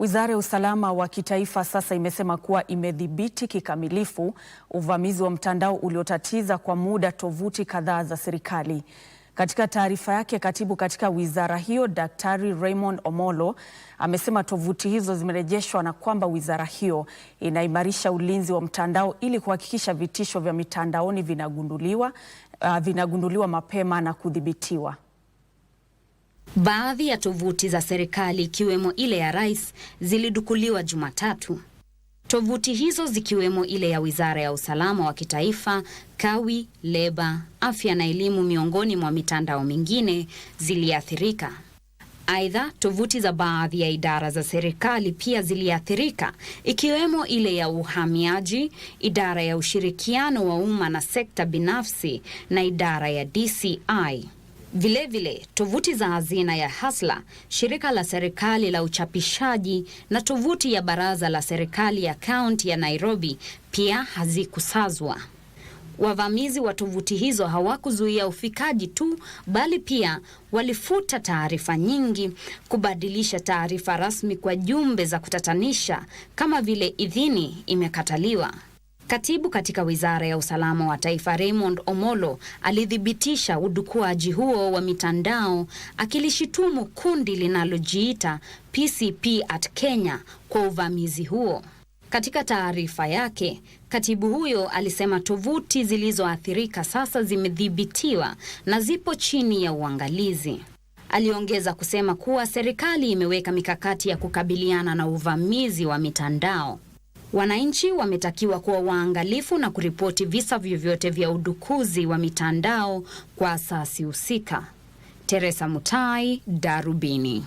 Wizara ya Usalama wa Kitaifa sasa imesema kuwa imedhibiti kikamilifu uvamizi wa mtandao uliotatiza kwa muda tovuti kadhaa za serikali. Katika taarifa yake, katibu katika wizara hiyo Daktari Raymond Omollo amesema tovuti hizo zimerejeshwa na kwamba wizara hiyo inaimarisha ulinzi wa mtandao ili kuhakikisha vitisho vya mitandaoni vinagunduliwa, uh, vinagunduliwa mapema na kudhibitiwa. Baadhi ya tovuti za serikali ikiwemo ile ya rais zilidukuliwa Jumatatu. Tovuti hizo zikiwemo ile ya Wizara ya Usalama wa Kitaifa, Kawi, Leba, Afya na Elimu miongoni mwa mitandao mingine ziliathirika. Aidha, tovuti za baadhi ya idara za serikali pia ziliathirika ikiwemo ile ya uhamiaji, idara ya ushirikiano wa umma na sekta binafsi na idara ya DCI. Vilevile, tovuti za hazina ya Hasla, shirika la serikali la uchapishaji, na tovuti ya baraza la serikali ya kaunti ya Nairobi pia hazikusazwa. Wavamizi wa tovuti hizo hawakuzuia ufikaji tu, bali pia walifuta taarifa nyingi, kubadilisha taarifa rasmi kwa jumbe za kutatanisha kama vile idhini imekataliwa. Katibu katika Wizara ya Usalama wa Taifa Raymond Omolo alithibitisha udukuaji huo wa mitandao akilishitumu kundi linalojiita PCP at Kenya kwa uvamizi huo. Katika taarifa yake, katibu huyo alisema tovuti zilizoathirika sasa zimedhibitiwa na zipo chini ya uangalizi. Aliongeza kusema kuwa serikali imeweka mikakati ya kukabiliana na uvamizi wa mitandao. Wananchi wametakiwa kuwa waangalifu na kuripoti visa vyovyote vya udukuzi wa mitandao kwa asasi husika. Teresa Mutai, Darubini.